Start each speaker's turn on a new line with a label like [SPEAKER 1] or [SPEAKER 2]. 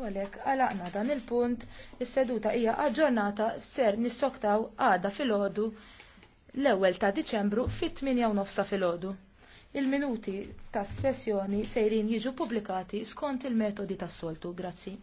[SPEAKER 1] U għalhekk għalaqna dan il-punt, is-seduta hija aġġornata ser nissoktaw għada filgħodu l-ewwel ta' Diċembru fit-8 nofsa filgħodu. Il-minuti tas-sessjoni sejrin jiġu pubblikati skont il-metodi tas-soltu.
[SPEAKER 2] Grazzi.